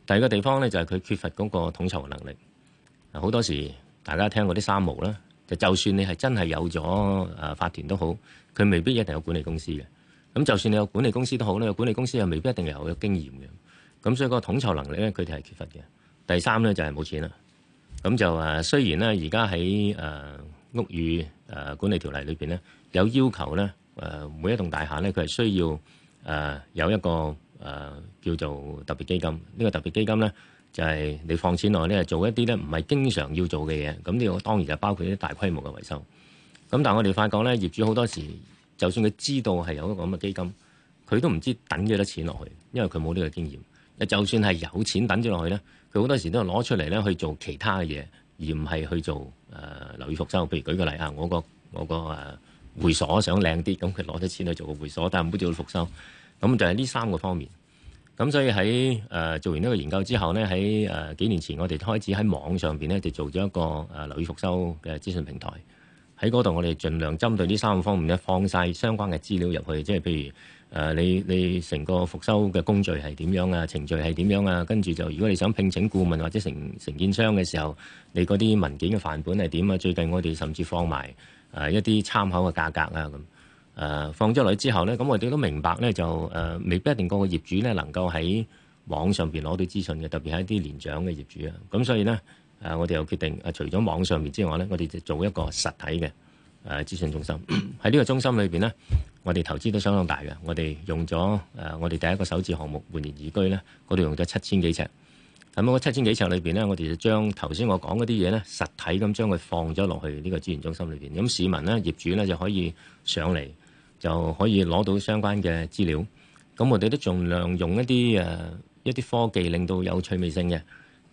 S3: 第二個地方呢，就係佢缺乏嗰個統籌能力。好多時大家聽過啲三無啦，就算你係真係有咗誒法團都好，佢未必一定有管理公司嘅。咁就算你有管理公司都好咧，管理公司又未必一定係好有經驗嘅。咁所以個統籌能力咧，佢哋係缺乏嘅。第三咧，就係冇錢啦。咁就誒，雖然咧而家喺誒屋宇誒管理條例裏邊咧，有要求咧誒每一棟大廈咧，佢係需要誒有一個誒叫做特別基金。呢個特別基金咧就係你放錢落去咧，做一啲咧唔係經常要做嘅嘢。咁呢個當然就包括啲大規模嘅維修。咁但係我哋發覺咧，業主好多時。就算佢知道係有一個咁嘅基金，佢都唔知等幾多錢落去，因為佢冇呢個經驗。就算係有錢等咗落去呢，佢好多時都攞出嚟呢去做其他嘅嘢，而唔係去做誒樓宇復修。譬如舉個例啊，我個我個誒、呃、會所想靚啲，咁佢攞咗錢去做個會所，但係冇做到復修。咁就係呢三個方面。咁所以喺誒、呃、做完呢個研究之後呢，喺誒、呃、幾年前我哋開始喺網上邊呢，就做咗一個誒樓宇復修嘅資訊平台。喺嗰度，我哋盡量針對呢三個方面咧，放晒相關嘅資料入去，即係譬如誒、呃，你你成個復修嘅工序係點樣啊？程序係點樣啊？跟住就，如果你想聘請顧問或者成承建商嘅時候，你嗰啲文件嘅範本係點啊？最近我哋甚至放埋誒、呃、一啲參考嘅價格啦、啊，咁誒、呃、放咗落去之後咧，咁我哋都明白咧，就誒、呃、未必一定個個業主咧能夠喺網上邊攞到資訊嘅，特別係一啲年長嘅業主啊，咁所以咧。啊！我哋又決定啊，除咗網上面之外呢，我哋就做一個實體嘅誒資訊中心。喺呢個中心裏邊呢，我哋投資都相當大嘅。我哋用咗誒、啊，我哋第一個首置項目煥然懿居呢嗰度用咗七千幾尺。咁嗰七千幾尺裏邊呢，我哋就將頭先我講嗰啲嘢呢，實體咁將佢放咗落去呢個資源中心裏邊。咁市民呢，業主呢，就可以上嚟，就可以攞到相關嘅資料。咁我哋都儘量用一啲誒、啊、一啲科技，令到有趣味性嘅。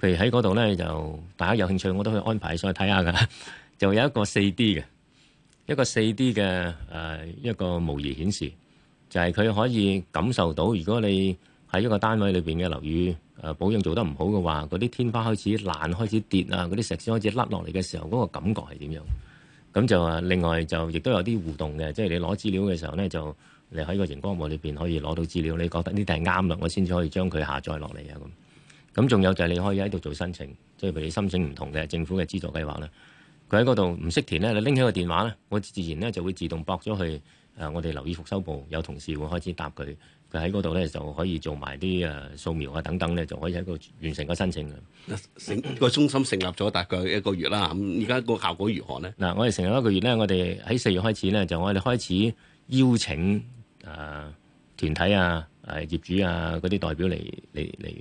S3: 譬如喺嗰度咧，就大家有興趣，我都可以安排上去睇下噶。就有一個四 D 嘅，一個四 D 嘅誒、呃、一個模擬顯示，就係、是、佢可以感受到，如果你喺一個單位裏邊嘅樓宇誒、呃、保養做得唔好嘅話，嗰啲天花開始爛、開始跌啊，嗰啲石屎開始甩落嚟嘅時候，嗰、那個感覺係點樣？咁就話，另外就亦都有啲互動嘅，即係你攞資料嘅時候咧，就你喺個熒光幕裏邊可以攞到資料，你覺得呢啲係啱啦，我先至可以將佢下載落嚟啊咁。咁仲有就係你可以喺度做申請，即係譬如你申請唔同嘅政府嘅資助計劃咧，佢喺嗰度唔識填咧，你拎起個電話咧，我自然咧就會自動駁咗去誒、呃，我哋留意復修部有同事會開始答佢。佢喺嗰度咧就可以做埋啲誒掃描啊等等咧，就可以喺度完成個申請嘅。
S2: 成個 *coughs* 中心成立咗大概一個月啦，咁而家個效果如何咧？
S3: 嗱、呃，我哋成立一個月咧，我哋喺四月開始咧，就我哋開始邀請誒、呃、團體啊、誒、啊、業主啊嗰啲代表嚟嚟嚟。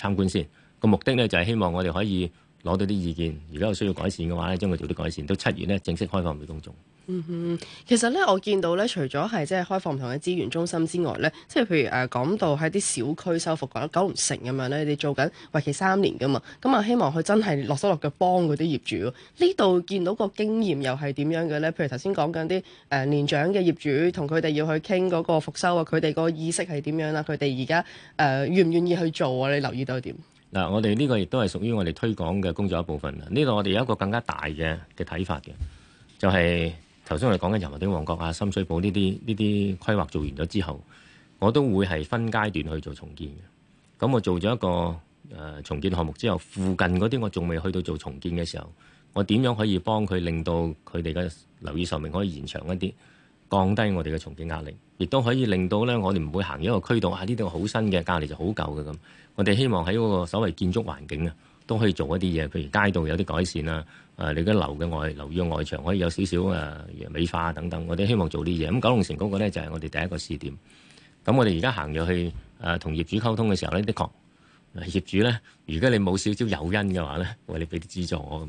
S3: 參觀先，個目的呢，就係希望我哋可以攞到啲意見。如果有需要改善嘅話呢，將佢做啲改善，到七月正式開放俾公眾。
S1: 嗯哼，其實咧，我見到咧，除咗係即係開放唔同嘅資源中心之外咧，即係譬如誒講到喺啲小區收復嗰啲，九龍城咁樣咧，你做緊為期三年噶嘛，咁、嗯、啊希望佢真係落手落腳幫嗰啲業主。呢度見到個經驗又係點樣嘅咧？譬如頭先講緊啲誒年長嘅業主同佢哋要去傾嗰個復修啊，佢哋個意識係點樣啦？佢哋而家誒願唔願意去做啊？你留意到點？
S3: 嗱，我哋呢個亦都係屬於我哋推廣嘅工作一部分啊。呢度我哋有一個更加大嘅嘅睇法嘅，就係、是。頭先我哋講緊油麻地、旺角啊、深水埗呢啲呢啲規劃做完咗之後，我都會係分階段去做重建嘅。咁我做咗一個誒、呃、重建項目之後，附近嗰啲我仲未去到做重建嘅時候，我點樣可以幫佢令到佢哋嘅樓宇壽命可以延長一啲，降低我哋嘅重建壓力，亦都可以令到咧我哋唔會行一個區度啊，呢度好新嘅隔離就好舊嘅咁。我哋希望喺嗰個所謂建築環境啊，都可以做一啲嘢，譬如街道有啲改善啦、啊。誒、啊，你家樓嘅外樓嘅外牆可以有少少誒、啊、美化等等，我哋希望做啲嘢。咁九龍城嗰個咧就係我哋第一個試點。咁我哋而家行入去誒同、啊、業主溝通嘅時候咧，的確、啊、業主咧，如果你冇少少誘因嘅話咧，我哋俾啲資助我。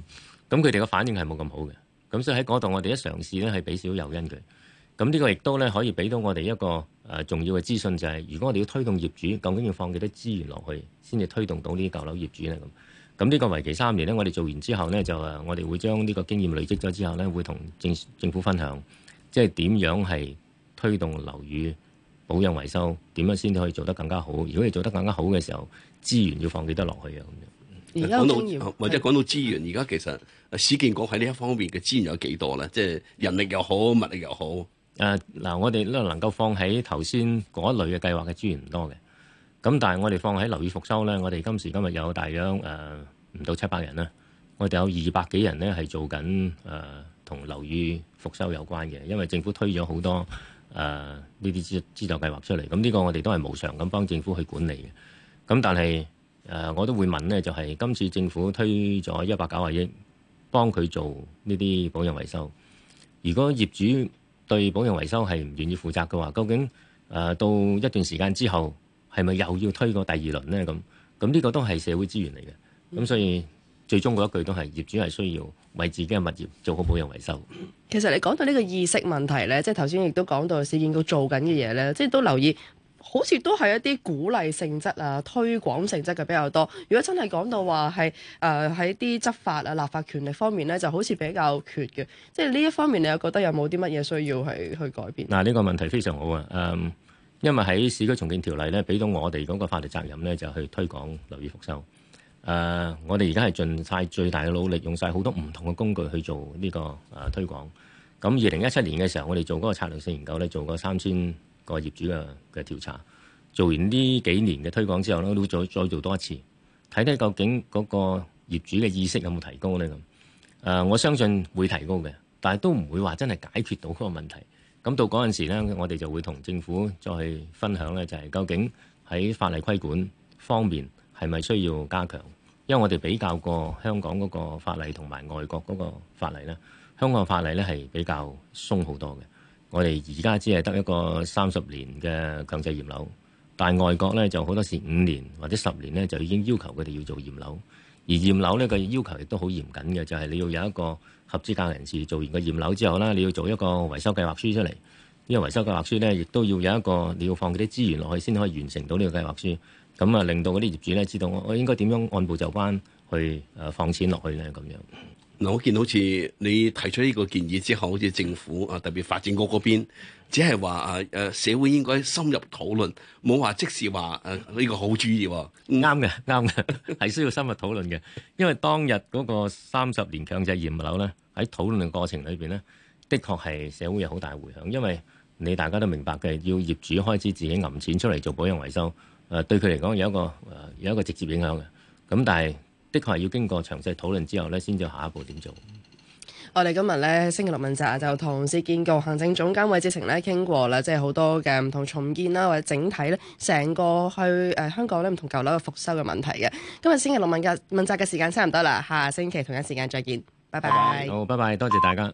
S3: 咁佢哋嘅反應係冇咁好嘅。咁所以喺嗰度我哋一嘗試咧係俾少誘因嘅。咁呢個亦都咧可以俾到我哋一個誒、啊、重要嘅資訊，就是，就係如果我哋要推動業主，究竟要放幾多資源落去先至推動到呢啲舊樓業主咧？咁呢個為期三年咧，我哋做完之後咧，就誒，我哋會將呢個經驗累積咗之後咧，會同政政府分享，即係點樣係推動樓宇保養維修，點樣先可以做得更加好？如果你做得更加好嘅時候，資源要放幾多落去啊，咁樣？講到或者
S2: 講到資源，而家的其實市建局喺呢一方面嘅資源有幾多咧？即係人力又好，物力又好。誒嗱，啊，我哋咧能夠放喺頭
S3: 先嗰類嘅計劃嘅資源唔多嘅。咁但係我哋放喺樓宇復修呢，我哋今時今日有大約誒唔、呃、到七百人啦。我哋有二百幾人呢，係做緊同樓宇復修有關嘅，因為政府推咗好多呢啲資資助計劃出嚟。咁呢個我哋都係無償咁幫政府去管理嘅。咁但係、呃、我都會問呢，就係、是、今次政府推咗一百九十億幫佢做呢啲保養維修，如果業主對保養維修係唔願意負責嘅話，究竟、呃、到一段時間之後，係咪又要推過第二輪呢？咁咁呢個都係社會資源嚟嘅，咁、嗯、所以最終嗰一句都係業主係需要為自己嘅物業做好保養維修。
S1: 其實你講到呢個意識問題呢，即係頭先亦都講到市建局做緊嘅嘢呢，即、就、係、是、都留意，好似都係一啲鼓勵性質啊、推廣性質嘅比較多。如果真係講到話係誒喺啲執法啊、立法權力方面呢，就好似比較缺嘅。即係呢一方面，你又覺得有冇啲乜嘢需要係去改變？
S3: 嗱、啊，呢、這個問題非常好啊，誒、嗯。因為喺市區重建條例咧，俾到我哋嗰個法律責任咧，就去推廣樓宇復修。誒、呃，我哋而家係盡晒最大嘅努力，用晒好多唔同嘅工具去做呢、這個誒、呃、推廣。咁二零一七年嘅時候，我哋做嗰個策略性研究咧，做過三千個業主嘅嘅調查。做完呢幾年嘅推廣之後咧，都再再做多一次，睇睇究竟嗰個業主嘅意識有冇提高咧咁。誒、呃，我相信會提高嘅，但係都唔會話真係解決到嗰個問題。咁到嗰陣時咧，我哋就會同政府再去分享咧，就係究竟喺法例規管方面係咪需要加強？因為我哋比較過香港嗰個法例同埋外國嗰個法例咧，香港嘅法例咧係比較鬆好多嘅。我哋而家只係得一個三十年嘅強制驗樓，但係外國咧就好多時五年或者十年咧就已經要求佢哋要做驗樓。而驗樓呢個要求亦都好嚴謹嘅，就係你要有一個合資格人士做完個驗樓之後啦，你要做一個維修計劃書出嚟。呢個維修計劃書咧，亦都要有一個你要放幾啲資源落去，先可以完成到呢個計劃書。咁啊，令到嗰啲業主咧知道我應該點樣
S2: 按部就班去誒放錢落去咧咁樣。嗱，我見好似你提出呢個建議之後，好似政府啊，特別發展局嗰邊。只係話誒誒社會應該深入討論，冇話即時話誒呢個好主意，啱嘅啱嘅，係
S3: 需要深入討論嘅。因為當日嗰個三十年強制驗樓咧，喺討論嘅過程裏邊咧，的確係社會有好大迴響。因為你大家都明白嘅，要業主開始自己揞錢出嚟做保養維修，誒對佢嚟講有一個有一個直接影響嘅。咁但係的確係要經過詳細討論之後咧，先至下一步點做。
S1: 我哋今日咧星期六問責就同市建局行政總監韋志成咧傾過啦，即係好多嘅唔同重建啦，或者整體咧成個去誒、呃、香港咧唔同舊樓嘅復修嘅問題嘅。今日星期六問責問責嘅時間差唔多啦，下星期同一時間再見，拜拜。
S3: 好，拜拜，多謝大家。